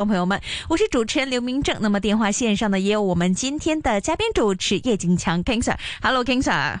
觀眾朋友們，我是主持人劉明正。那麼電話線上呢，也有我們今天的嘉賓主持葉景強 King Sir。Hello，King Sir。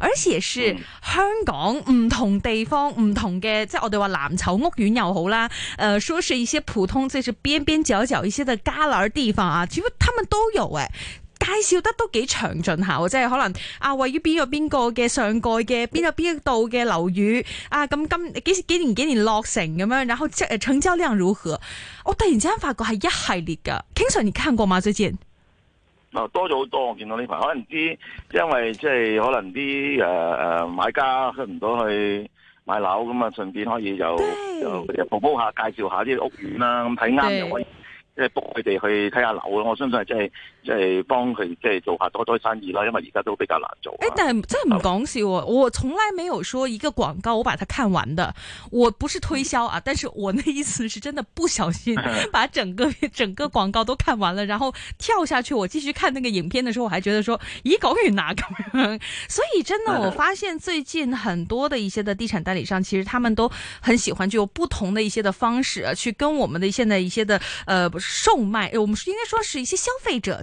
而且是香港唔同地方唔、嗯、同嘅，即係我哋話藍籌屋苑又好啦，誒、呃，說是一些普通，即係邊邊角角，一些嘅旮旯地方啊，只要他們都有誒，介紹得都幾詳盡下，即係可能啊，位於邊個邊個嘅上蓋嘅邊個邊一度嘅樓宇啊，咁今幾幾年幾年落成咁樣，然後即係成交量如何，我突然之間發覺係一系列噶 King Sir 你看過嗎最近？嗱多咗好多，我見到呢排，可能啲因為即係可能啲誒誒買家去唔到去買樓咁啊，順便可以就就佢哋 promo 下介紹下啲屋苑啦，咁睇啱又可以即係 book 佢哋去睇下樓咯，我相信係真係。即係幫佢即係做下多啲生意啦，因為而家都比較難做。誒、欸，但係真唔講笑啊！我從來沒有說一個廣告我把它看完的，我不是推銷啊， 但是我那一次是真的不小心把整個 整個廣告都看完了，然後跳下去我繼續看那個影片的時候，我還覺得說咦，搞佢哪個？ 所以真的我發現最近很多的一些的地產代理商，其實他們都很喜歡就有不同的一些的方式、啊、去跟我們的現在一些的，呃，售賣，我們應該說是一些消費者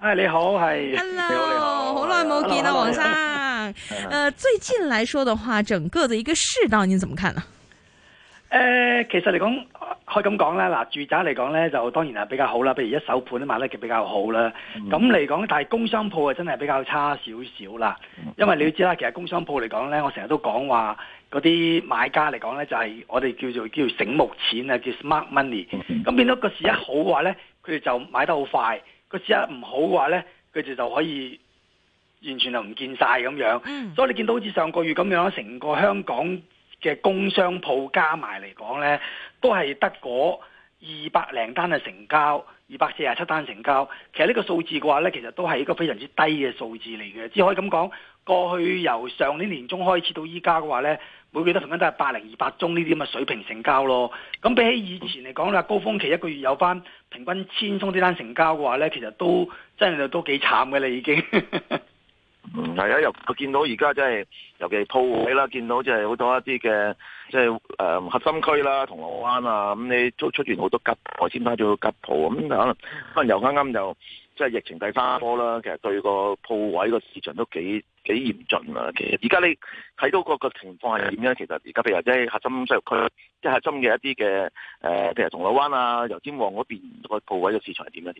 誒，Hi，你好，係，hello，好耐冇見啊黃生。誒，最近來說的話，整個的一個市道，你怎麼看呢啊？誒、呃，其實嚟講，可以咁講啦。嗱，住宅嚟講咧，就當然係比較好啦。譬如一手盤都買得比較好啦。咁嚟講，但係工商鋪啊，真係比較差少少啦。因為你要知啦，其實工商鋪嚟講咧，我成日都講話嗰啲買家嚟講咧，就係我哋叫做叫醒目錢啊，叫 smart money、mm。咁、hmm. 變到個市一好嘅話咧，佢哋就買得好快。個市一唔好嘅話呢，佢哋就可以完全就唔見晒咁樣。Mm. 所以你見到好似上個月咁樣，成個香港嘅工商鋪加埋嚟講呢，都係得嗰二百零單嘅成交，二百四十七單成交。其實呢個數字嘅話呢，其實都係一個非常之低嘅數字嚟嘅。只可以咁講，過去由上年年中開始到依家嘅話呢。每個月都平均都係百零二百宗呢啲咁嘅水平成交咯，咁比起以前嚟講啦，高峰期一個月有返平均千宗啲單成交嘅話呢，其實都真係都幾慘嘅啦已經。 嗯，係啊，佢見到而家即係，尤其係鋪位啦，見到即係好多一啲嘅，即係誒核心區啦，銅鑼灣啊，咁、嗯、你出出現好多吉我先翻咗吉鋪，咁、嗯、可能可能由啱啱又即係疫情第三波啦，其實對個鋪位個市場都幾幾嚴峻啊。其實而家你睇到個個情況係點樣？其實而家譬如即係核心區域，即、就、係、是、核心嘅一啲嘅誒，譬如銅鑼灣啊、油尖旺嗰邊個鋪位嘅市場係點樣？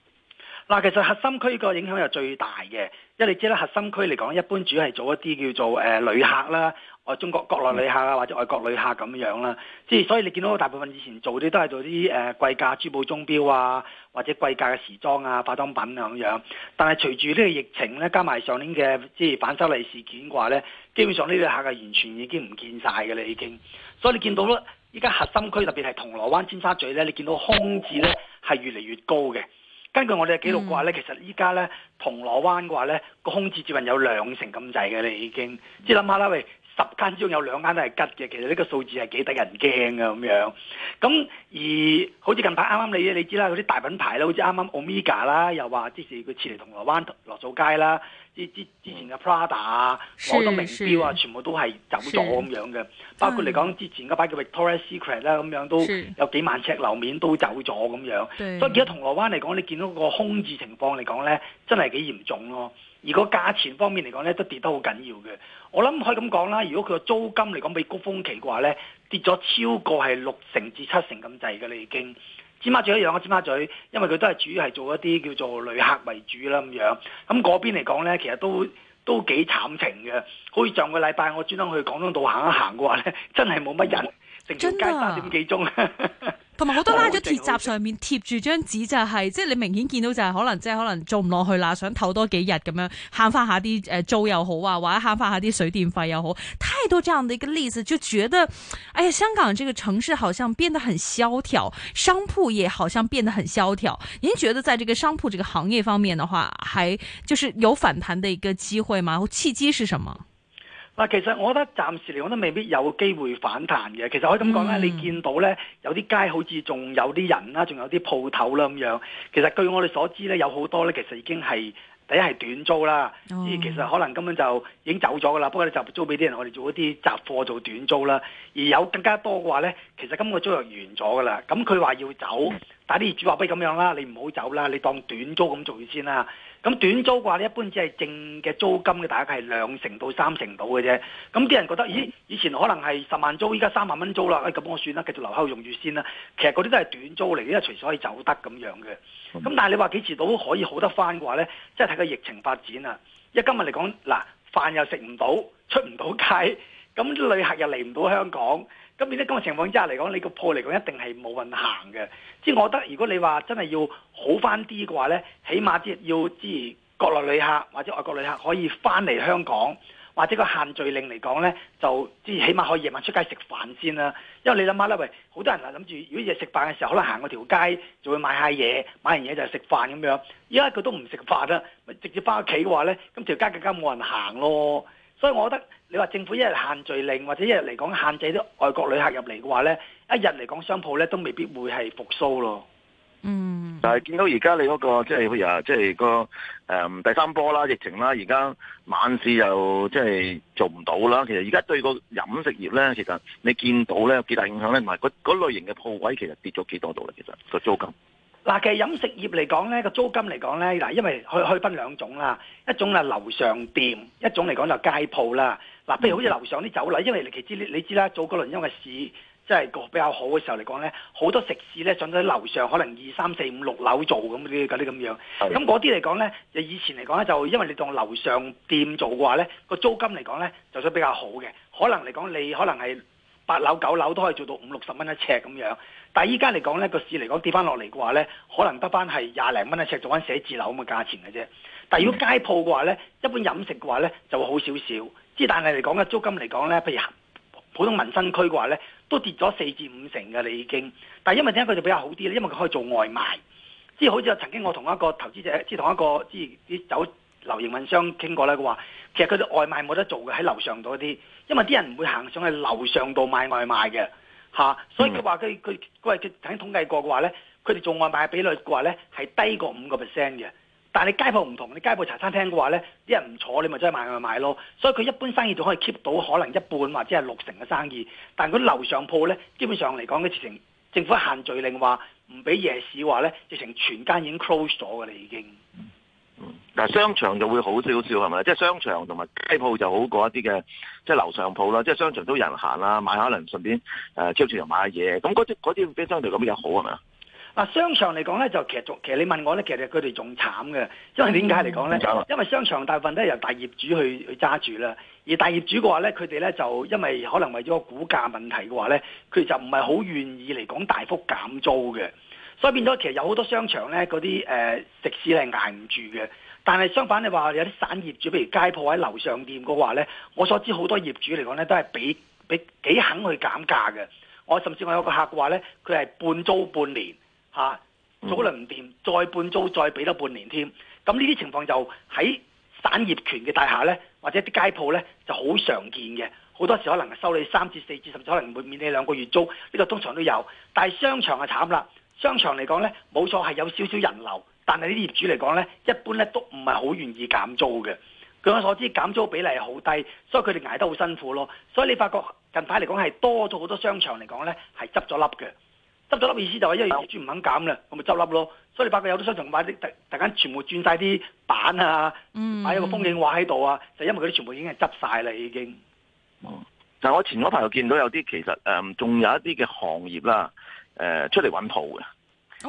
嗱，其實核心區個影響又最大嘅，因為你知啦，核心區嚟講，一般主要係做一啲叫做誒、呃、旅客啦，外中國國內旅客啊，或者外國旅客咁樣啦。即係所以你見到大部分以前做啲都係做啲誒、呃、貴價珠寶鐘錶啊，或者貴價嘅時裝啊、化妝品啊咁樣。但係隨住呢個疫情咧，加埋上，上年嘅即係反修例事件嘅話咧，基本上呢啲客係完全已經唔見晒㗎啦，已經。所以你見到咧，依家核心區特別係銅鑼灣尖沙咀咧，你見到空置咧係越嚟越高嘅。根據我哋嘅記錄，嘅話咧，其實依家咧銅鑼灣，嘅話咧，個空置接近有兩成咁滯嘅，你已經即係諗下啦喂。十間之中有兩間都係吉嘅，其實呢個數字係幾得人驚噶咁樣。咁而好似近排啱啱你你知啦，嗰啲大品牌啦，好似啱啱 Omega 啦，又話即係佢撤離銅鑼灣羅素街啦。之之之前嘅 Prada 啊，好多名錶啊，全部都係走咗咁是樣嘅。包括嚟講之前嗰排叫 Victoria Secret 啦，咁樣都是有幾萬尺樓面都走咗咁樣。是所以見到銅鑼灣嚟講，你見到個空置情況嚟講咧，真係幾嚴重咯。如果價錢方面嚟講咧，都跌得好緊要嘅。我諗可以咁講啦，如果佢個租金嚟講比高峰期嘅話咧，跌咗超過係六成至七成咁滯㗎喇。已經。尖沙咀一樣啊，尖沙咀，因為佢都係主要係做一啲叫做旅客為主啦咁樣。咁嗰邊嚟講咧，其實都都幾慘情嘅。好似上個禮拜我專登去廣東道行一行嘅話咧，真係冇乜人，定成、哦、街三點幾鐘。 同埋好多拉咗鐵閘上面貼住張紙就係，是，好好即係你明顯見到就係可能即係可能做唔落去啦，想唞多幾日咁樣慳翻下啲誒租又好啊，或者慳翻下啲水電費又好。太多這樣的一個例子，就覺得，哎呀，香港這個城市好像變得很蕭條，商鋪也好像變得很蕭條。你覺得在這個商鋪這個行業方面的話，還就是有反彈的一個機會嗎？契機是什麼？嗱，其實我覺得暫時嚟講都未必有機會反彈嘅。其實可以咁講咧，嗯、你見到咧有啲街好似仲有啲人啦，仲有啲鋪頭啦咁樣。其實據我哋所知咧，有好多咧其實已經係第一係短租啦，嗯、其實可能根本就已經走咗噶啦。不過你就租俾啲人，我哋做一啲雜貨做短租啦。而有更加多嘅話咧，其實今個租約完咗噶啦。咁佢話要走，嗯、但係啲業主話不如咁樣啦，你唔好走啦，你當短租咁做先啦。咁短租嘅話咧，一般只係正嘅租金嘅大概係兩成到三成到嘅啫。咁啲人覺得，咦？以前可能係十萬租，依家三萬蚊租啦。咁、哎、我算啦，繼續留喺度用住先啦。其實嗰啲都係短租嚟嘅，因為隨時可以走得咁樣嘅。咁但係你話幾時到可以好得翻嘅話咧，即係睇個疫情發展啊。因為今日嚟講，嗱，飯又食唔到，出唔到街，咁旅客又嚟唔到香港。咁變咗咁嘅情況之下嚟講，你個鋪嚟講一定係冇人行嘅。即係我覺得，如果你話真係要好翻啲嘅話呢，起碼即係要支持國內旅客或者外國旅客可以翻嚟香港，或者個限聚令嚟講呢就即係起碼可以夜晚出街食飯先啦，啊。因為你諗下咧，喂，好多人啊諗住，如果日食飯嘅時候，可能行過條街就會買下嘢，買完嘢就食飯咁樣。依家佢都唔食飯啦，直接翻屋企嘅話呢咁條街更加冇人行咯。所以我覺得，你話政府一日限聚令或者一日嚟講限制啲外國旅客入嚟嘅話咧，一日嚟講商鋪咧都未必會係復甦咯。嗯。 但係見到而家你嗰、那個即係譬如話，即、就、係、是那個誒、嗯、第三波啦疫情啦，而家晚市又即係、就是、做唔到啦。其實而家對個飲食業咧，其實你見到咧有幾大影響咧，唔係，嗰類型嘅鋪位其實跌咗幾多度咧，其實個租金。嗱，其實飲食業嚟講咧，個租金嚟講咧，嗱，因為佢佢分兩種啦，一種係樓上店，一種嚟講就街鋪啦。嗱，譬如好似樓上啲酒樓，因為你其實你知啦，早嗰輪因為市即係個比較好嘅時候嚟講咧，好多食肆咧上到喺樓上，可能二三四五六樓做咁嗰啲咁樣。咁嗰啲嚟講咧，就以前嚟講咧，就因為你當樓上店做嘅話咧，個租金嚟講咧，就算比較好嘅，可能嚟講你可能係八樓九樓都可以做到五六十蚊一尺咁樣。但係依家嚟講咧，個市嚟講跌翻落嚟嘅話咧，可能得翻係廿零蚊一尺做翻寫字樓咁嘅價錢嘅啫。但係如果街鋪嘅話咧，一般飲食嘅話咧就會好少少。即係但係嚟講嘅租金嚟講咧，譬如普通民生區嘅話咧，都跌咗四至五成嘅你已經。但係因為點解佢哋比較好啲咧？因為佢可以做外賣，即係好似曾經我同一個投資者，即係同一個即係啲酒樓營運商傾過咧，佢話其實佢哋外賣冇得做嘅喺樓上度啲，因為啲人唔會行上去樓上度買外賣嘅。嚇、啊，所以佢話佢佢佢係佢曾經統計過嘅話咧，佢哋做外賣嘅比率嘅話咧係低過五個 percent 嘅。但係你街鋪唔同，你街鋪茶餐廳嘅話咧，啲人唔坐，你咪真係買外賣咯。所以佢一般生意仲可以 keep 到可能一半或者係六成嘅生意。但係佢樓上鋪咧，基本上嚟講，佢直情政府限聚令話唔俾夜市話咧，直情全間已經 close 咗㗎啦，已經。嗯，但商場就會好少少係咪？即係商場同埋街鋪就好過一啲嘅，即係樓上鋪啦。即係商場都有人行啦，買可能順便誒、呃、超市買嘢。咁嗰啲嗰啲比商場咁樣好係咪啊？嗱，商場嚟講咧，就其實其實你問我咧，其實佢哋仲慘嘅，因為點解嚟講咧？因為商場大部分都係由大業主去去揸住啦，而大業主嘅話咧，佢哋咧就因為可能為咗個股價問題嘅話咧，佢就唔係好願意嚟講大幅減租嘅。所以變咗，其實有好多商場呢嗰啲誒食肆係捱唔住嘅。但係相反，你話有啲散業主，譬如街鋪喺樓上店嘅話咧，我所知好多業主嚟講呢，都係比比幾肯去減價嘅。我甚至我有個客嘅話咧，佢係半租半年嚇，早輪唔掂再半租再俾多半年添。咁呢啲情況就喺散業權嘅大廈呢，或者啲街鋪呢就好常見嘅。好多時可能收你三至四至甚至可能會免你兩個月租，呢、這個通常都有。但係商場就慘啦。商場嚟講咧，冇錯係有少少人流，但係呢啲業主嚟講咧，一般咧都唔係好願意減租嘅。據我所知，減租比例係好低，所以佢哋捱得好辛苦咯。所以你發覺近排嚟講係多咗好多商場嚟講咧，係執咗笠嘅。執咗笠意思就係、是、因為業主唔肯減啦，咁咪執笠咯。所以你發覺有啲商場買啲突然間，全部轉晒啲板啊，擺一個風景畫喺度啊，就因為佢啲全部已經係執晒啦，已經、嗯。但、嗯、我前嗰排又見到有啲其實誒，仲、嗯、有一啲嘅行業啦。誒、呃，出嚟搵鋪嘅，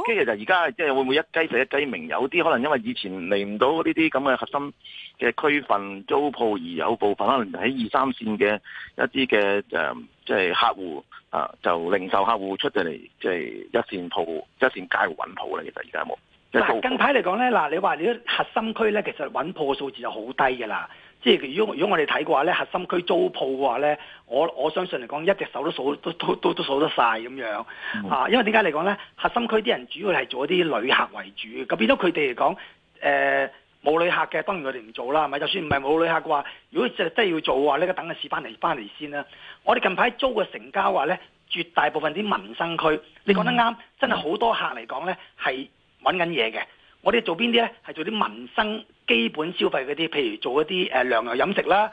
跟住，哦、就而家即係會唔會一雞死一雞鳴有，有啲可能因為以前嚟唔到呢啲咁嘅核心嘅區份租鋪，而有部分可能喺二三線嘅一啲嘅誒，即係客戶啊，就零售客戶出就嚟即係一線鋪、一線街去搵鋪咧。其實而家冇。嗱、就是，近排嚟講咧，嗱，你話你啲核心區咧，其實搵鋪嘅數字就好低噶啦。即係如果如果我哋睇嘅話咧，核心區租鋪嘅話咧，我我相信嚟講一隻手都數都都都都數得晒咁樣啊！因為點解嚟講咧？核心區啲人主要係做一啲旅客為主，咁變咗佢哋嚟講，誒、呃、冇旅客嘅，當然佢哋唔做啦，咪就算唔係冇旅客嘅話，如果即係真係要做嘅話，呢個等佢試翻嚟翻嚟先啦。我哋近排租嘅成交話咧，絕大部分啲民生區，你講得啱，真係好多客嚟講咧係揾緊嘢嘅。我哋做邊啲呢？係做啲民生基本消費嗰啲，譬如做一啲誒糧油飲食啦、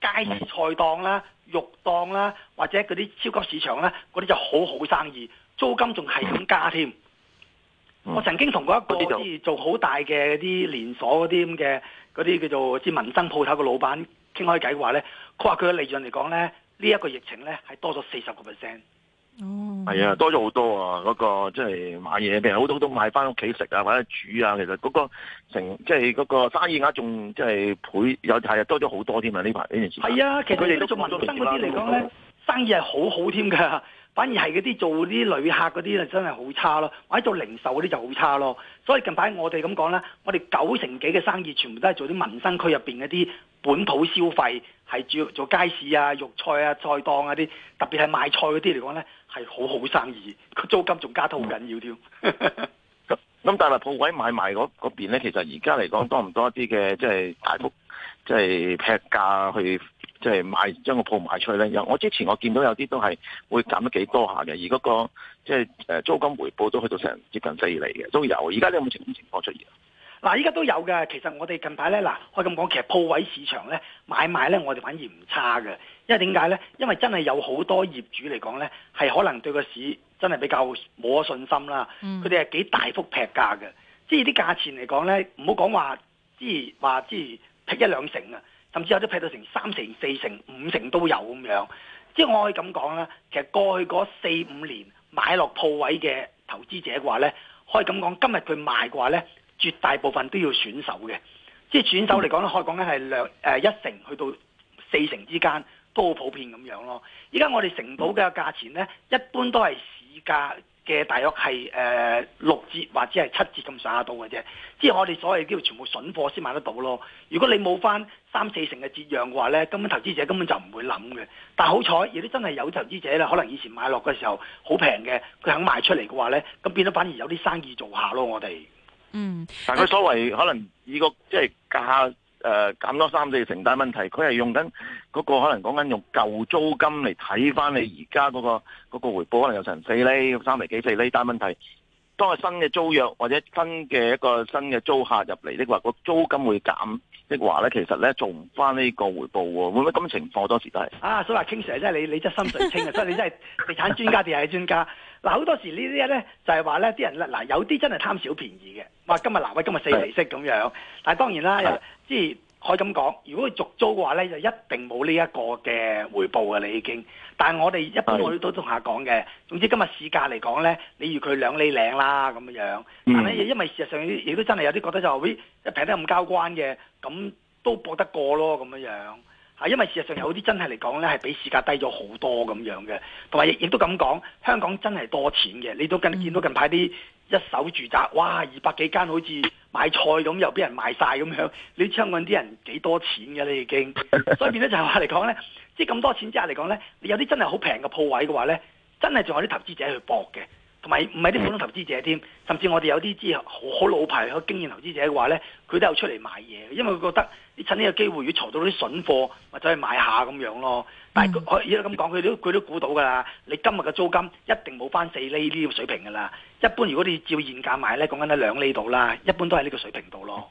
街市菜檔啦、肉檔啦，或者嗰啲超級市場啦，嗰啲就好好生意，租金仲係咁加添。嗯、我曾經同過一個即、嗯、做好大嘅啲連鎖嗰啲咁嘅嗰啲叫做即係民生鋪頭嘅老闆傾開偈嘅話呢，佢話佢嘅利潤嚟講呢，他他呢一、呢個疫情呢係多咗四十個 percent。嗯係啊，多咗好多啊！嗰個即係買嘢，譬如好多都買翻屋企食啊，或者煮啊。其實嗰個成即係嗰個生意額仲即係倍，有係啊，多咗好多添啊！呢排呢件事係啊，其實佢哋都做民生嗰啲嚟講咧，啊、生意係好好添㗎。 反而係嗰啲做啲旅客嗰啲咧，真係好差咯；或者做零售嗰啲就好差咯。所以近排我哋咁講咧，我哋九成幾嘅生意全部都係做啲民生區入邊嗰啲本土消費，係主要做街市啊、肉菜啊、菜檔啊啲。特別係賣菜嗰啲嚟講咧，係好好生意，個租金仲加得好緊要添。咁咁，但係鋪位買賣嗰嗰邊咧，其實而家嚟講多唔多啲嘅，即係大幅，即係劈價去。即係賣將個鋪賣出去咧，有我之前我見到有啲都係會減得幾多下嘅，而嗰、那個即係誒租金回報都去到成接近四釐嘅，都有。而家有冇這種情況出現啊？嗱，依家都有嘅。其實我哋近排咧，嗱，可以咁講，其實鋪位市場咧買賣咧，我哋反而唔差嘅，因為點解咧？因為真係有好多業主嚟講咧，係可能對個市真係比較冇咗信心啦。佢哋係幾大幅劈價嘅，即係啲價錢嚟講咧，唔好講話，即係話即係劈一兩成啊！甚至有啲劈到成三成、四成、五成都有咁樣，即係我可以咁講啦，其實過去嗰四五年買落鋪位嘅投資者嘅話呢，可以咁講，今日佢賣嘅話呢，絕大部分都要選手嘅。即係選手嚟講咧，可以講緊係兩誒一成去到四成之間都好普遍咁樣咯。依家我哋城堡嘅價錢呢，一般都係市價。嘅，大約係誒、呃、六折或者係七折咁上下到嘅啫，即係我哋所謂叫做全部筍貨先買得到咯。如果你冇翻三四成嘅折讓嘅話咧，根本投資者根本就唔會諗嘅。但係好彩，有啲真係有投資者啦，可能以前買落嘅時候好平嘅，佢肯賣出嚟嘅話咧，咁變咗反而有啲生意做下咯。我哋嗯，但佢所謂可能以個即係價。就是價誒、呃、減多三四成，但係問題佢係用緊嗰、嗰個可能講緊用舊租金嚟睇翻你而家嗰個回報，可能有成四釐、三釐幾、四釐。但係問題當個新嘅租約或者新嘅一個新嘅租客入嚟的話，個租金會減。即係話咧，其實咧做唔翻呢個回報喎，會唔會咁情況？當時都係啊，所以話 King Sir 真係你，你真係心水清啊， 所以你真係地產專家定係專家。嗱好、 啊、多時呢啲咧就係話咧啲人啦，嗱、啊、有啲真係貪小便宜嘅，話今日嗱喂，今日、啊、四釐息咁樣。的但係當然啦，即係的。可以咁講，如果佢續租嘅話咧，就一定冇呢一個嘅回報嘅、啊、你已經。但係我哋一般我都都同下講嘅，總之今日市價嚟講咧，你預佢兩釐零啦咁樣樣。但係因為事實上亦都真係有啲覺得就話、喂、咦，平得咁交關嘅，咁都搏得過咯咁樣樣。嚇，因為事實上有啲真係嚟講咧，係比市價低咗好多咁樣嘅，同埋亦亦都咁講，香港真係多錢嘅，你都近見到近排啲。一手住宅，哇，二百幾間好似買菜咁，又俾人賣晒咁樣。你香港啲人幾多錢㗎、啊、你已經，所以變咗就係話嚟講呢，即係咁多錢之下嚟講呢，你有啲真係好平嘅鋪位嘅話呢，真係仲有啲投資者去搏嘅。同埋唔係啲普通投資者添，甚至我哋有啲之好好老牌嘅經驗投資者嘅話呢，佢都有出嚟買嘢，因為佢覺得你趁呢個機會要採到啲筍貨或者去買下咁樣咯。但係佢依家咁講，佢都佢都估到㗎啦。你今日嘅租金一定冇返四厘呢個水平㗎啦。一般如果你照現價買呢，講緊喺兩厘度啦，一般都係呢個水平度咯。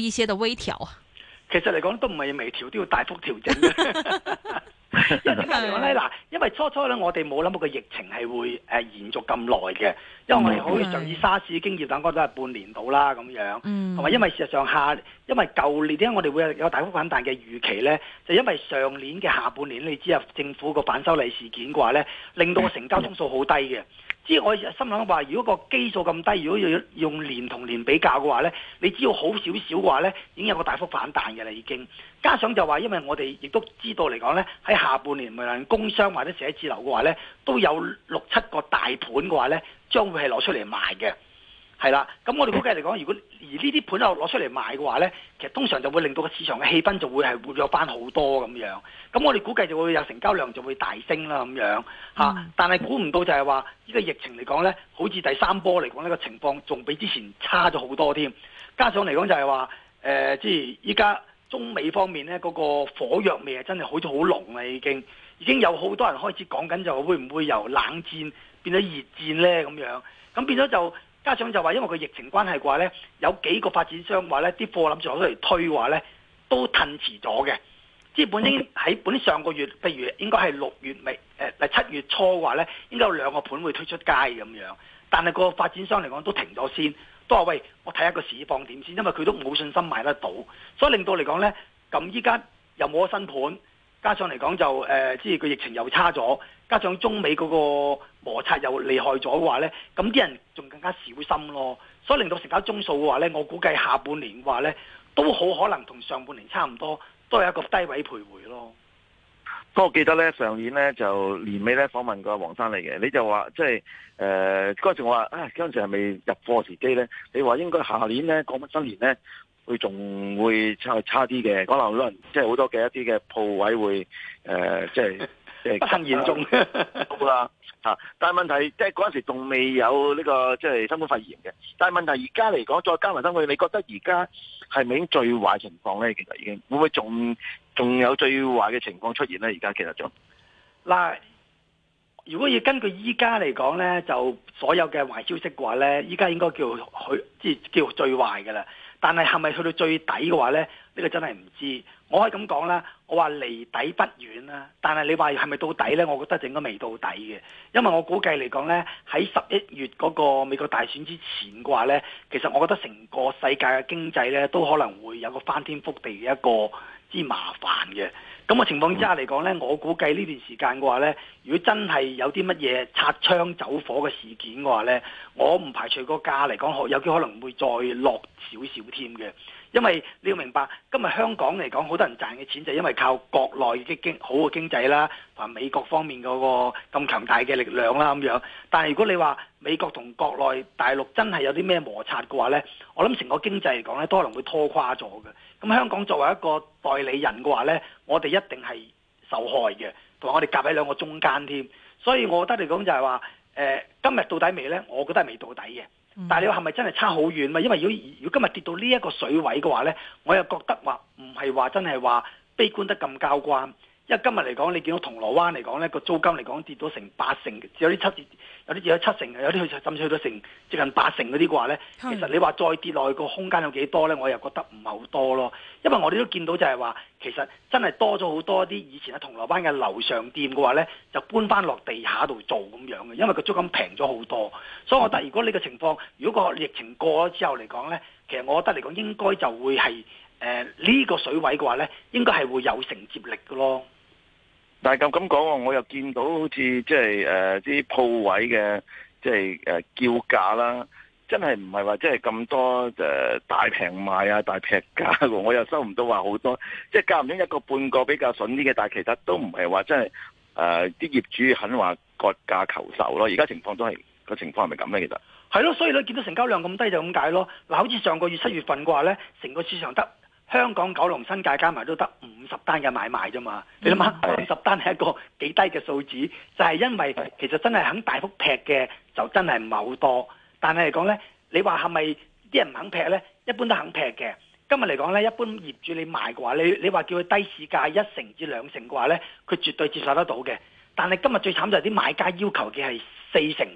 一些的微調啊，其實嚟講都唔係微調，都要大幅調整嘅。因為點解嚟講咧？嗱， 因為初初咧我哋冇諗過個疫情係會誒延續咁耐嘅，因為好似上次沙士經驗，我諗都係半年到啦咁樣，同埋因為事實上下，因為舊年點解我哋會有大幅反彈嘅預期咧？就因為上年嘅下半年你知啊，政府個反修例事件嘅話咧，令到個成交宗數好低嘅。即我心諗話，如果個基數咁低，如果要用年同年比較嘅話咧，你只要好少少嘅話咧，已經有個大幅反彈嘅啦，已經。加上就話，因為我哋亦都知道嚟講咧，喺下半年無論工商或者寫字樓嘅話咧，都有六七個大盤嘅話咧，將會係攞出嚟賣嘅。係啦，咁我哋估計嚟講，如果而呢啲盤又攞出嚟賣嘅話呢，其實通常就會令到個市場嘅氣氛就會係活躍翻好多咁樣。咁我哋估計就會有成交量就會大升啦咁樣嚇啊。但係估唔到就係話呢個疫情嚟講呢，好似第三波嚟講呢個情況仲比之前差咗好多添。加上嚟講就係話誒，即係依家中美方面呢，嗰個火藥味係真係好似好濃啊已經，已經有好多人開始講緊就會唔會由冷戰變咗熱戰呢咁樣，咁變咗就。加上就話，因為佢疫情關係嘅話呢，有幾個發展商話呢啲貨諗住攞出嚟推，話呢都褪遲咗嘅。即係本身喺本上個月，譬如應該係六月尾誒，呃，七月初嘅話呢，應該有兩個盤會推出街咁樣。但係個發展商嚟講都停咗先，都話喂，我睇下個市況點先，因為佢都冇信心賣得到，所以令到嚟講呢，咁依家又冇新盤。加上嚟講就誒，即係個疫情又差咗，加上中美嗰個摩擦又厲害咗嘅話咧，咁啲人仲更加小心咯。所以令到成交宗數嘅話咧，我估計下半年話咧都好可能同上半年差唔多，都係一個低位徘徊咯。不過我記得咧上年咧就年尾咧訪問過黃生嚟嘅，你就話即係誒嗰陣話啊，嗰陣係未入貨時機咧？你話應該下年咧講乜新年咧？佢仲會差差啲嘅，可能可能即係好多嘅一啲嘅鋪位會誒、呃，即係即係坑嚴重啦嚇。但係問題即係嗰陣時仲未有呢、呢個即係新冠肺炎嘅。但係問題而家嚟講，再加埋新嘅，你覺得而家係咪已經最壞情況咧？其實已經會唔會仲仲有最壞嘅情況出現咧？而家其實仲嗱，如果要根據依家嚟講咧，就所有嘅壞消息嘅話咧，依家應該叫佢即係叫最壞嘅啦。但係係咪去到最底嘅話呢？呢個真係唔知。我可以咁講啦，我話離底不遠啦、啊。但係你話係咪到底呢？我覺得應該未到底嘅，因為我估計嚟講呢，喺十一月嗰個美國大選之前嘅話呢，其實我覺得成個世界嘅經濟呢，都可能會有個翻天覆地嘅一個。之麻煩嘅，咁嘅情況之下嚟講咧，嗯、我估計呢段時間嘅話咧，如果真係有啲乜嘢擦槍走火嘅事件嘅話咧，我唔排除個價嚟講，有機會可能會再落少少添嘅。因為你要明白，今日香港嚟講，好多人賺嘅錢就因為靠國內嘅經好嘅經濟啦，同埋美國方面嗰個咁強大嘅力量啦咁樣。但係如果你話美國同國內大陸真係有啲咩摩擦嘅話呢，我諗成個經濟嚟講呢，都可能會拖垮咗嘅。咁香港作為一個代理人嘅話呢，我哋一定係受害嘅，同埋我哋夾喺兩個中間添。所以我覺得嚟講就係話，誒，今日到底未呢？我覺得係未到底嘅。但係你話，係咪真係差好遠啊？因為如果如果今日跌到呢一個水位嘅話咧，我又覺得話唔係話真係話悲觀得咁交關。因為今日嚟講，你見到銅鑼灣嚟講咧，個租金嚟講跌到成八成，有啲七跌，有啲只有七成，有啲去甚至去到成接近八成嗰啲嘅話咧，其實你話再跌落去個空間有幾多咧？我又覺得唔係好多咯。因為我哋都見到就係話，其實真係多咗好多啲以前喺銅鑼灣嘅樓上店嘅話咧，就搬翻落地下度做咁樣嘅，因為個租金平咗好多。所以我覺得如果呢個情況，如果個疫情過咗之後嚟講咧，其實我覺得嚟講應該就會係誒呢個水位嘅話咧，應該係會有承接力嘅咯。但係咁，咁講喎，我又見到好似即係誒啲鋪位嘅即係誒，呃、叫價啦，真係唔係話即係咁多誒大平賣啊，大劈價喎，我又收唔到話好多，即係夾唔中一個半個比較筍啲嘅，但係其實都唔係話真係誒啲業主肯話割價求售咯。而家情況都係個情況係咪咁咧？其實係咯，所以咧見到成交量咁低就咁解咯。嗱，好似上個月七月份嘅話咧，成個市場得。香港九龍新界加埋都得五十單嘅買賣啫嘛，你諗下五十單係一個幾低嘅數字，就係、是、因為其實真係肯大幅劈嘅就真係唔係好多。但係嚟講呢，你話係咪啲人唔肯劈呢？一般都肯劈嘅。今日嚟講呢，一般業主你賣嘅話，你你話叫佢低市價一成至兩成嘅話呢，佢絕對接受得到嘅。但係今日最慘就係啲買家要求嘅係四成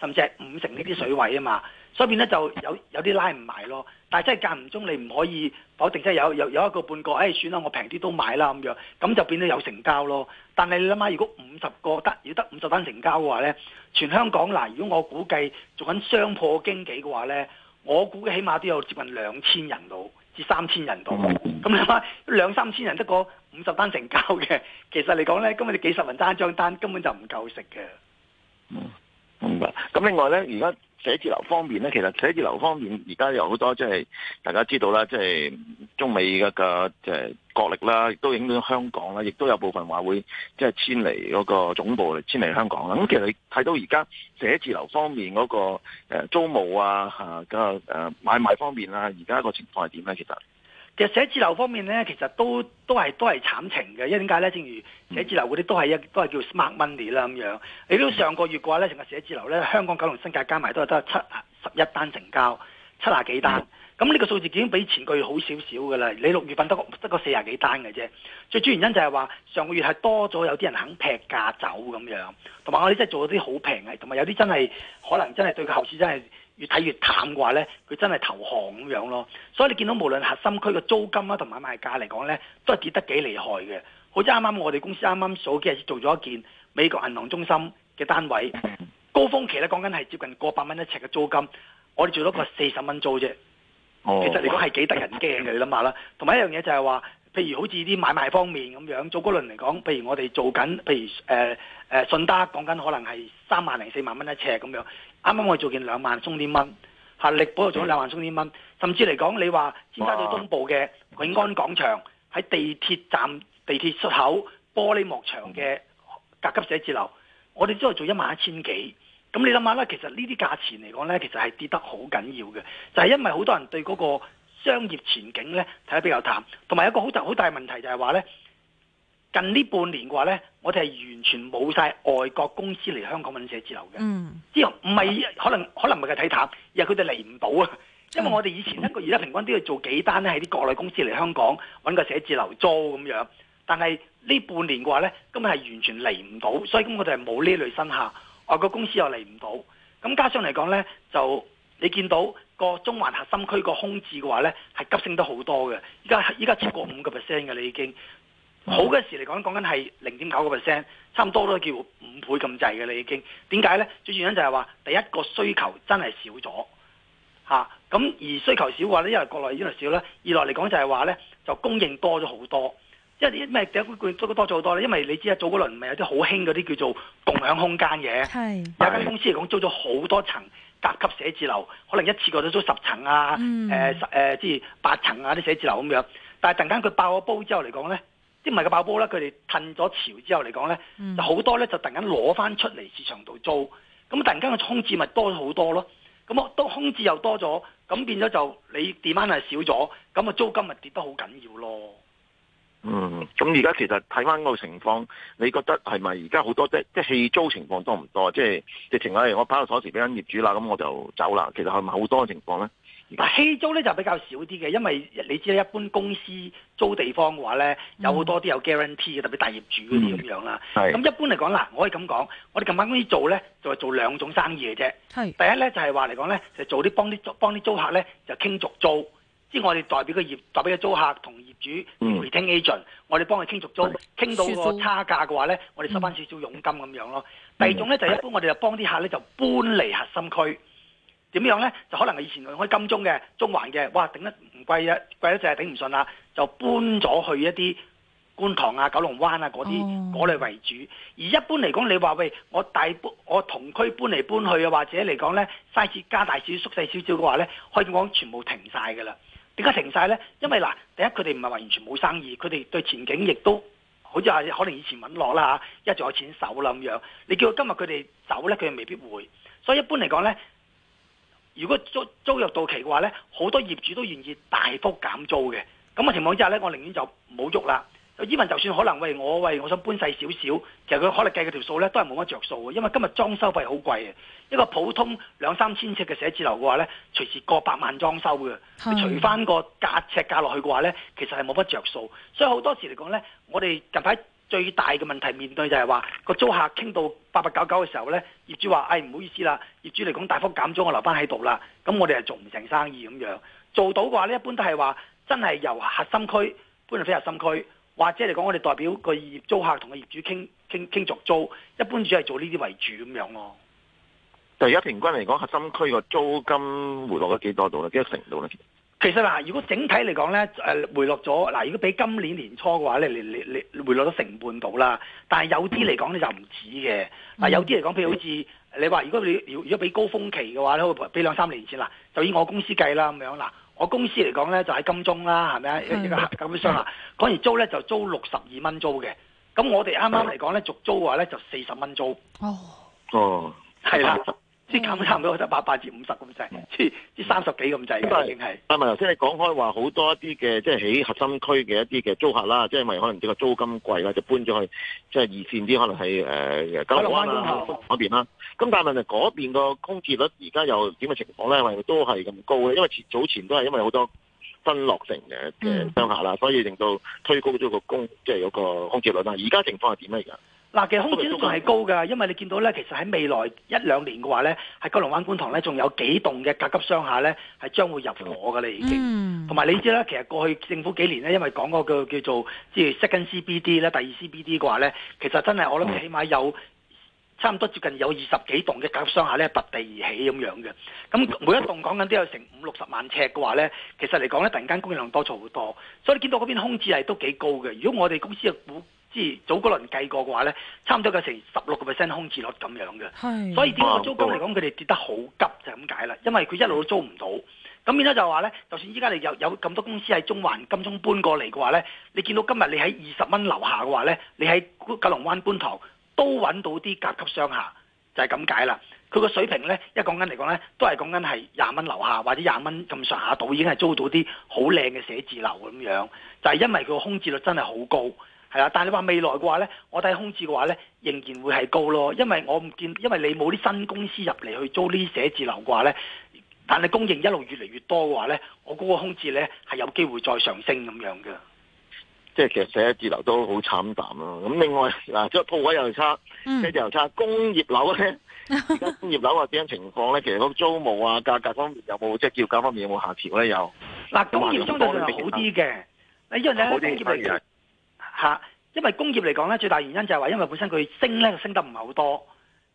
甚至係五成呢啲水位啊嘛。所以變咧就有有啲拉唔埋咯，但係真係間唔中你唔可以，否定即係有有有一個半個，誒、哎、算啦，我平啲都買啦咁樣，咁就變咗有成交咯。但係你諗下，如果五十個得，如果得五十單成交嘅話咧，全香港嗱，如果我估計做緊商舖經紀嘅話咧，我估計起碼都有接近兩千人到至三千人度。咁 你諗下兩三千人得個五十單成交嘅，其實嚟講咧，今日你幾十人揸一張單，根本就唔夠食嘅。明白。咁另外咧，而家。寫字樓方面咧，其實寫字樓方面而家有好多即係大家知道啦，即係中美嘅嘅即係國力啦，亦都影響香港啦，亦都有部分話會即係遷嚟嗰個總部嚟遷嚟香港啦。咁其實你睇到而家寫字樓方面嗰個誒租務啊，吓嘅誒買賣方面啊，而家個情況係點咧？其實？其實寫字樓方面咧，其實都都係都係慘情嘅，因為點解咧？正如寫字樓嗰啲都係一都係叫 smart money 啦咁樣。你都上個月嘅話咧，成個寫字樓咧，香港九龍、新界加埋都係得七啊十一單成交，七啊幾單。咁呢、嗯、個數字已經比前個月好少少噶啦。你六月份得個得四廿幾單嘅啫。最主要原因就係話上個月係多咗有啲人肯劈價走咁樣，同埋我哋真係做咗啲好平嘅，同埋有啲真係可能真係對個後市真係。越睇越淡嘅話呢，佢真係投降咁樣咯。所以你見到無論核心區嘅租金啦，同埋賣價嚟講呢，都係跌得幾厲害嘅。好似啱啱我哋公司啱啱數幾日做咗一件美國銀行中心嘅單位，高峰期呢講緊係接近過百蚊一尺嘅租金，我哋做咗個四十蚊租啫。其實嚟講係幾得人驚嘅，你諗下啦。同埋一樣嘢就係話。譬如好似啲買賣方面咁樣，做嗰輪嚟講，譬如我哋做緊，譬如誒誒、呃、信德講緊可能係三萬零四萬蚊一尺咁樣，啱啱我哋做件兩萬鬆啲蚊，嚇力寶又做兩萬鬆啲蚊，嗯、甚至嚟講你話尖沙咀東部嘅永安廣場喺地鐵站地鐵出口玻璃幕牆嘅甲級寫字樓，我哋都係做一萬一千幾，咁你諗下咧，其實呢啲價錢嚟講咧，其實係跌得好緊要嘅，就係、是、因為好多人對嗰、那個。商業前景咧睇得比較淡，同埋一個好大好大問題就係話咧，近呢半年嘅話咧，我哋係完全冇晒外國公司嚟香港揾寫字樓嘅。嗯，之後唔係可能可能唔係佢睇淡，而係佢哋嚟唔到啊。因為我哋以前一個月咧平均都要做幾單咧，係啲國內公司嚟香港揾個寫字樓租咁樣。但係呢半年嘅話咧，根本係完全嚟唔到，所以咁我哋係冇呢類新客，外國公司又嚟唔到，咁加上嚟講咧，就你見到。個中環核心區個空置嘅話咧，係急升得好多嘅。依家依家超過五個 percent 嘅你已經。好嘅時嚟講，講緊係零點九個 percent，差唔多都叫五倍咁滯嘅你已經。點解咧？最主要原因就係話，第一個需求真係少咗吓。咁、啊、而需求少嘅話咧，因為國內依輪少啦。二來嚟講就係話咧，就供應多咗好多。因係咩？第一多咗好多咧。因為你知啦，早嗰輪唔係有啲好興嗰啲叫做共享空間嘅，有間公司嚟講租咗好多層。甲級寫字樓可能一次過都租十層啊，誒十即係八層啊啲寫字樓咁樣，但係突然間佢爆咗煲之後嚟講咧，即唔係個爆煲啦，佢哋褪咗潮之後嚟講咧，mm. 就好多咧就突然間攞翻出嚟市場度租，咁突然間個空置咪多咗好多咯，咁啊都空置又多咗，咁變咗就你 demand 係少咗，咁啊租金咪跌得好緊要咯。嗯，咁而家其實睇翻嗰個情況，你覺得係咪而家好多即即、係、棄租情況多唔多？即直情係我擺個鎖匙俾緊業主啦，咁我就走啦。其實係咪好多嘅情況咧？棄租咧就比較少啲嘅，因為你知道一般公司租地方嘅話咧，有好多啲有 guarantee 嘅，嗯、特別大業主嗰啲咁樣啦。咁、嗯、一般嚟講嗱我可以咁講，我哋近排公司做咧就係、係、做兩種生意嘅啫。係第一咧就係、係、話嚟講咧，就做啲幫啲幫啲租，租客咧就傾續租。啲我哋代表個業，代表個租客同業主回聽 agent，我哋幫佢傾續租，是傾到個差價嘅話咧，嗯、我哋收翻少少佣金咁樣咯。嗯、第二種咧、嗯、就係一般我哋就幫啲客咧就搬離核心區，點樣咧就可能係以前我開金鐘嘅、中環嘅，哇頂得唔貴啊，貴得就係頂唔順啦，就搬咗去一啲觀塘啊、九龍灣啊嗰啲嗰類為主。而一般嚟講，你話喂我大我同區搬嚟搬去啊，或者嚟講咧，size 加大少縮細少少嘅話咧，可以講全部停晒㗎啦。點解停晒呢？因為嗱，第一佢哋唔係話完全冇生意，佢哋對前景亦都好似話可能以前搵落啦吓，一仲有錢手啦咁樣。你叫佢今日佢哋走呢，佢又未必會。所以一般嚟講呢，如果租租約到期嘅話呢，好多業主都願意大幅減租嘅。咁嘅情況之下呢，我寧願就唔好喐啦。依文就算可能喂我喂我想搬細少少，其實佢可能計佢條數呢都係冇乜着數嘅，因為今日裝修費好貴嘅，一個普通兩三千尺嘅寫字樓嘅話呢，隨時過百萬裝修嘅，除翻個價尺價落去嘅話呢，其實係冇乜着數，所以好多時嚟講呢，我哋近排最大嘅問題面對就係話個租客傾到八八九九嘅時候呢，業主話唉唔好意思啦，業主嚟講大幅減咗我留翻喺度啦，咁我哋係做唔成生意咁樣，做到嘅話呢，一般都係話真係由核心區搬去非核心區。或者嚟講，我哋代表個業租客同個業主傾傾傾續租，一般只係做呢啲為主咁樣咯、啊。就而家平均嚟講，核心區個租金回落咗幾多度咧？幾多成度咧？其實嗱，如果整體嚟講咧，誒回落咗嗱。如果比今年年初嘅話咧，你你你回落咗成半度啦。但係有啲嚟講咧就唔止嘅嗱。嗯、有啲嚟講，譬如好似你話，如果你如如果比高峰期嘅話咧，比兩三年前啦，就以我公司計啦咁樣嗱。我公司嚟講咧就喺金鐘啦，係咪啊？咁不、嗯、樣金商啊，嗰年租咧就租六十二蚊租嘅。咁我哋啱啱嚟講咧續租嘅話咧就四十蚊租。哦、oh. 的，哦，係啦。啲價、嗯、差唔多就八八至五十咁滯，啲三十幾咁滯。咁啊，但係頭先你講開話好多一啲嘅即係喺核心區嘅一啲嘅租客啦，即係咪可能呢個租金貴啦，就搬咗去即係二線啲，可能喺誒九龍灣、嗯、啊嗰、啊、邊啦。咁但係問題嗰邊個空置率而家又點嘅情況咧？因為都係咁高嘅，因為前早前都係因為好多新落成嘅嘅、就是、商客啦，所以令到推高咗個供，即係嗰個空置率啦。而家情況係點咧而家？嗱，其實空置都算係高㗎，因為你見到咧，其實喺未來一兩年嘅話咧，喺九龍灣觀塘咧，仲有幾棟嘅甲級商廈咧，係將會入夥㗎。喇已經，同埋你知啦，其實過去政府幾年咧，因為講嗰個叫做即係 Second C B D 咧，第二 C B D 嘅話咧，其實真係我諗起碼有差唔多接近有二十幾棟嘅甲級商廈咧，拔地而起咁樣嘅。咁每一棟講緊都有成五六十萬尺嘅話咧，其實嚟講咧，突然間供應量多咗好多，所以你見到嗰邊空置係都幾高嘅。如果我哋公司嘅股早嗰輪計過嘅話咧，差唔多有成十六個 percent 空置率咁樣嘅，是所以點解租金嚟講，佢哋跌得好急就係咁解啦。因為佢一路都租唔到，咁變咗就話咧，就算依家你有有咁多公司喺中環、金鐘搬過嚟嘅話咧，你見到今日你喺二十蚊樓下嘅話咧，你喺九龍灣觀塘都揾到啲甲級商廈，就係咁解啦。佢個水平咧，一講緊嚟講咧，都係講緊係廿蚊樓下或者廿蚊咁上下到已經係租到啲好靚嘅寫字樓咁樣，就係、是、因為佢個空置率真係好高。係啦，但係你話未來嘅話咧，我睇空置嘅話咧，仍然會係高咯，因為我唔見，因為你冇啲新公司入嚟去租呢啲寫字樓嘅話咧，但係供應一路越嚟越多嘅話咧，我嗰個空置咧係有機會再上升咁樣嘅。即係其實寫字樓都好慘淡咯、啊。咁另外嗱，即係鋪位又差，寫字樓又差。工業樓咧，而家 工業樓啊點樣情況咧？其實嗰租務啊，價格方面有冇即係叫價方面有冇下調咧？有。嗱、啊，工業租就係好啲嘅，因為咧業啊，因為工業嚟講咧，最大原因就係話，因為本身佢升咧，佢升得唔係好多，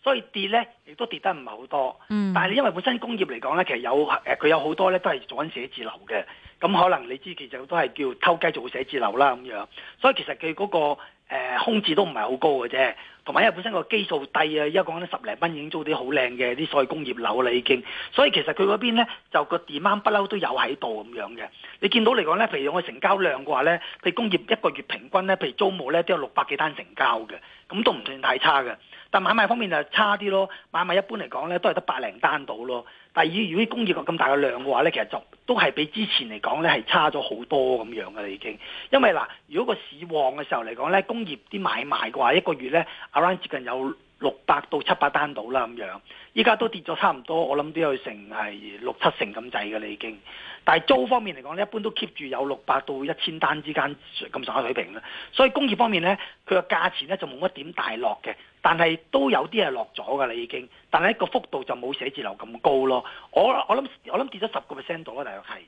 所以跌咧亦都跌得唔係好多。嗯，但係你因為本身工業嚟講咧，其實有誒，佢有好多咧都係做緊寫字樓嘅，咁、嗯、可能你知其實都係叫偷雞做寫字樓啦咁樣，所以其實佢嗰個。誒，空置都唔係好高嘅啫，同埋因為本身個基數低啊，而家講緊十零蚊已經租啲好靚嘅啲所謂工業樓啦已經，所以其實佢嗰邊咧就個 demand 不嬲都有喺度咁樣嘅。你見到嚟講咧，譬如我成交量嘅話咧，譬如工業一個月平均咧，譬如租務咧都有六百幾單成交嘅，咁都唔算太差嘅。但買賣方面就差啲咯，買賣一般嚟講咧都係得百零單到咯。第二，如果啲工業個咁大嘅量嘅話咧，其實就都係比之前嚟講咧係差咗好多咁樣嘅啦，已經。因為嗱，如果個市旺嘅時候嚟講咧，工業啲買賣嘅話，一個月咧 around 接近有。六百到七百單到啦咁樣，依家都跌咗差唔多，我諗都有成係六七成咁滯㗎喇已經。但係租方面嚟講咧，一般都 keep 住有六百到一千單之間咁上下水平啦。所以工業方面咧，佢個價錢咧就冇乜點大落嘅，但係都有啲係落咗㗎喇已經。但係個幅度就冇寫字樓咁高咯。我我諗我諗跌咗十個 percent 到啦，大概係。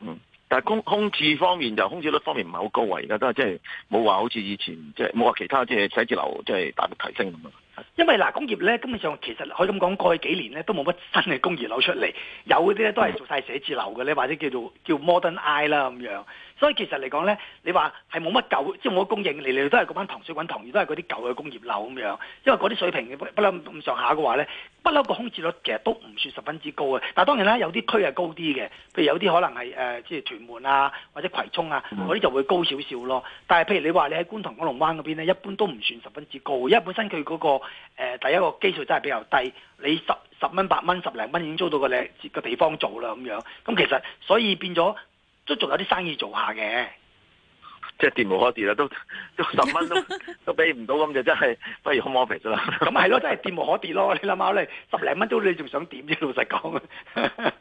嗯，但係空空置方面就空置率方面唔係好高啊，而家都係即係冇話好似以前即係冇話其他即係寫字樓即係大幅提升咁啊。因為嗱，工業咧根本上其實可以咁講，過去幾年咧都冇乜新嘅工業樓出嚟，有嗰啲咧都係做晒寫字樓嘅咧，或者叫做叫做 Modern Eye 啦咁樣。所以其實嚟講咧，你話係冇乜舊，即冇供應，嚟嚟都係嗰班糖水滾糖，亦都係嗰啲舊嘅工業樓咁樣。因為嗰啲水平不嬲咁上下嘅話咧，不嬲個空置率其實都唔算十分之高嘅。但係當然啦，有啲區係高啲嘅，譬如有啲可能係誒，即、呃、屯門啊或者葵涌啊嗰啲就會高少少咯。但係譬如你話你喺觀塘、九龍灣嗰邊咧，一般都唔算十分之高，因為本身佢嗰、那個、呃、第一個基數真係比較低。你十十蚊、八蚊、十零蚊已經租到個靚個地方做啦咁樣。咁其實所以變咗。都仲有啲生意做下嘅，即跌無可跌啦，都都十蚊都 都俾唔到，咁就真係不如 home office 啦。咁係咯，真係跌無可跌咯。你諗下你十零蚊都你仲想點啫？老實講。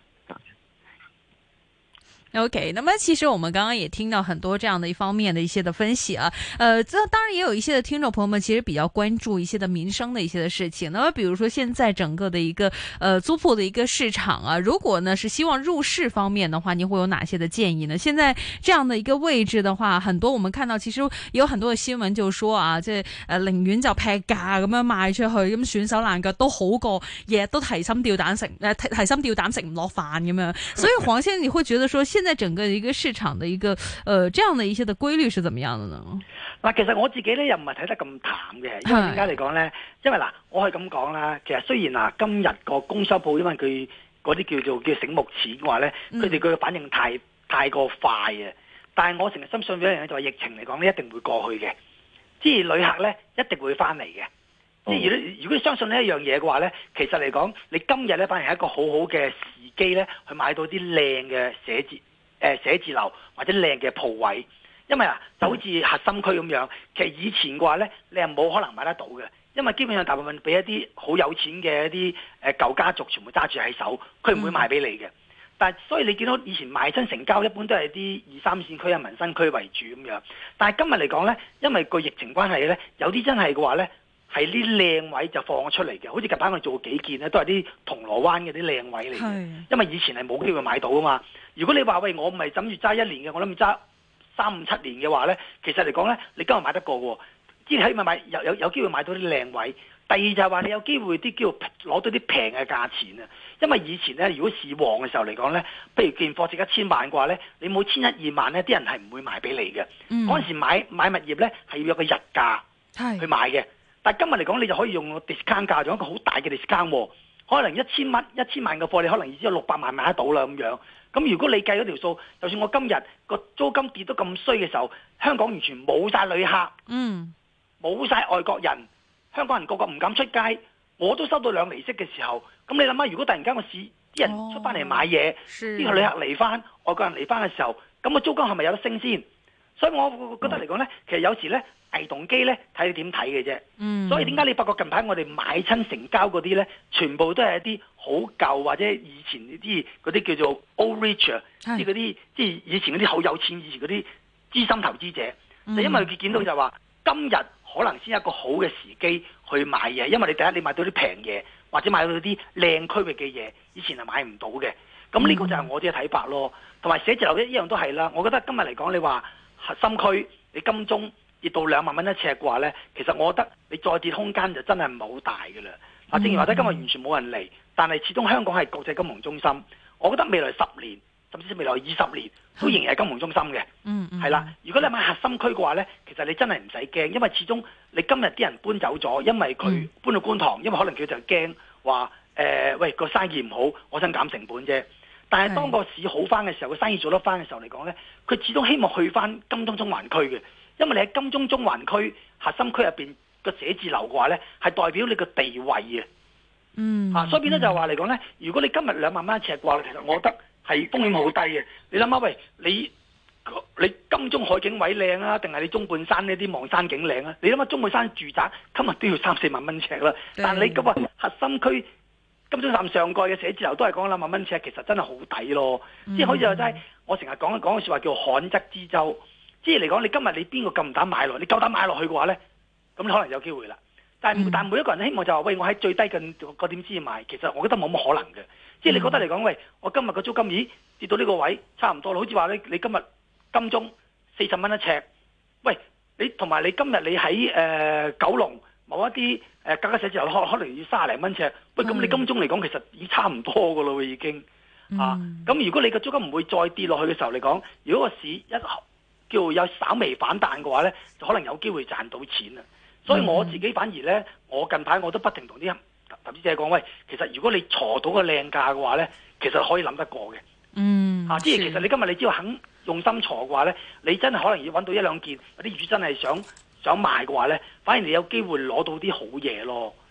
OK，那麼其實我們剛剛也聽到很多這樣的一方面的一些的分析啊，呃，這當然也有一些的聽眾朋友們其實比較關注一些的民生的一些的事情，那麼比如說現在整個的一個，呃租鋪的一個市場啊，如果呢是希望入市方面的話，你會有哪些的建議呢？現在這樣的一個位置的話，很多我們看到其實有很多的新聞就說啊，這呃寧願叫劈價咁樣賣出去，咁、嗯、選手攬個都好過日日都提心吊膽食，誒提提心吊膽食唔落飯咁樣，所以黃先生你會覺得說。現在整個一個市場的一個，呃，這樣的一些的規律是怎麼樣的呢？嗱，其實我自己咧又唔係睇得咁淡嘅，因為點解嚟講呢，因為嗱，我可以咁講啦，其實雖然嗱，今日個工商鋪因為佢嗰啲叫做叫醒目錢嘅話呢，佢哋個反應太太過快嘅，但係我成日深信一樣嘢就係疫情嚟講呢，一定會過去嘅，即係旅客呢，一定會翻嚟嘅。即係如果如果相信呢一樣嘢嘅話呢，其實嚟講你今日呢，反而係一個好好嘅時機呢，去買到啲靚嘅寫字誒寫字樓或者靚嘅鋪位，因為啦、嗯、就好似核心區咁樣，其實以前嘅話呢，你係冇可能買得到嘅，因為基本上大部分俾一啲好有錢嘅一啲誒舊家族全部揸住喺手，佢唔會賣俾你嘅。嗯、但係所以你見到以前賣親成交一般都係啲二三線區啊、民生區為主咁樣，但係今日嚟講呢，因為個疫情關係呢，有啲真係嘅話呢。係啲靚位就放咗出嚟嘅，好似近排我哋做幾件咧，都係啲銅鑼灣嘅啲靚位嚟嘅。是因為以前係冇機會買到啊嘛。如果你話喂，我唔係諗住揸一年嘅，我諗住揸三五七年嘅話咧，其實嚟講咧，你今日買得過喎。即係起碼買有有有機會買到啲靚位，第二就係話你有機會啲叫攞到啲平嘅價錢啊。因為以前咧，如果市旺嘅時候嚟講咧，不如件貨值一千萬嘅話咧，你冇千一二萬咧，啲人係唔會賣俾你嘅。嗰、嗯、時買買物業咧，係要有個入價去買嘅。是是但今日嚟講，你就可以用 discount 價，做一個好大嘅 discount。可能一千蚊、一千萬嘅貨，你可能已經有六百萬買得到啦咁樣。咁如果你計嗰條數，就算我今日個租金跌到咁衰嘅時候，香港完全冇晒旅客，冇晒、嗯、外國人，香港人個個唔敢出街，我都收到兩釐息嘅時候，咁你諗下，如果突然間、哦、個市啲人出翻嚟買嘢，呢啲旅客嚟翻，外國人嚟翻嘅時候，咁個租金係咪有得升先？所以我覺得嚟講咧，其實有時咧，危動機咧，睇你點睇嘅啫。嗯、mm。Hmm. 所以點解你發覺近排我哋買親成交嗰啲咧，全部都係一啲好舊或者以前啲啲叫做 old rich，即係嗰啲即係以前嗰啲好有錢，以前嗰啲資深投資者。就、mm hmm. 因為佢見到就話，mm hmm. 今日可能先有一個好嘅時機去買嘢，因為你第一你買到啲平嘢，或者買到啲靚區域嘅嘢，以前係買唔到嘅。咁呢個就係我哋嘅睇法咯。同埋寫字樓一樣都係啦。我覺得今日嚟講，你話。核心區，你金鐘跌到兩萬蚊一尺嘅話呢，其實我覺得你再跌空間就真係唔係好大嘅啦。啊、嗯，正如話咧，今日完全冇人嚟，但係始終香港係國際金融中心，我覺得未來十年甚至未來二十年都仍然係金融中心嘅、嗯。嗯嗯，係啦。如果你買核心區嘅話呢，其實你真係唔使驚，因為始終你今日啲人搬走咗，因為佢搬到觀塘，因為可能佢就驚話誒，喂，個生意唔好，我想減成本啫。但係當個市好翻嘅時候，個生意做得翻嘅時候嚟講呢，佢始終希望去翻金鐘中環區嘅，因為你喺金鐘中環區核心區入邊個寫字樓嘅話呢，係代表你個地位嘅。嗯。啊，所以變咗就係話嚟講呢，如果你今日兩萬蚊一尺嘅話，其實我覺得係風險好低嘅。你諗下，喂，你你金鐘海景位靚啊，定係你中半山呢啲望山景靚啊？你諗下，中半山住宅今日都要三四萬蚊一尺啦。但係你今日核心區。金鐘站上蓋嘅寫字樓都係講兩萬蚊尺，其實真係好抵咯。即係好似話齋，我成日講講句説話叫旱則資舟。即係嚟講，你今日你邊個咁唔膽買落，你夠膽買落去嘅話咧，咁可能有機會啦。但係但係每一個人都希望就話喂，我喺最低嘅個點先買，其實我覺得冇乜可能嘅。即係你覺得嚟講喂，我今日個租金咦跌到呢個位差唔多啦。好似話咧，你今日金鐘四十蚊一尺。喂，你同埋你今日你喺誒九龍。某一啲誒甲級寫字樓可可能要卅零蚊尺，喂咁你金鐘嚟講其實已差唔多噶咯喎已經，嗯、啊咁如果你個租金唔會再跌落去嘅時候嚟講，如果個市一叫有稍微反彈嘅話咧，就可能有機會賺到錢啊！所以我自己反而咧，嗯、我近排我都不停同啲投資者講，喂，其實如果你鋤到個靚價嘅話咧，其實可以諗得過嘅，嗯啊，即係其實你今日你只要肯用心鋤嘅話咧，你真係可能要揾到一兩件啲業主真係想。想賣嘅話咧，反而你有機會攞到啲好嘢咯。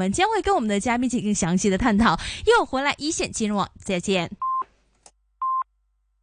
我們將會跟我們的嘉賓進行詳細的探討，又回來一線金融網，再見。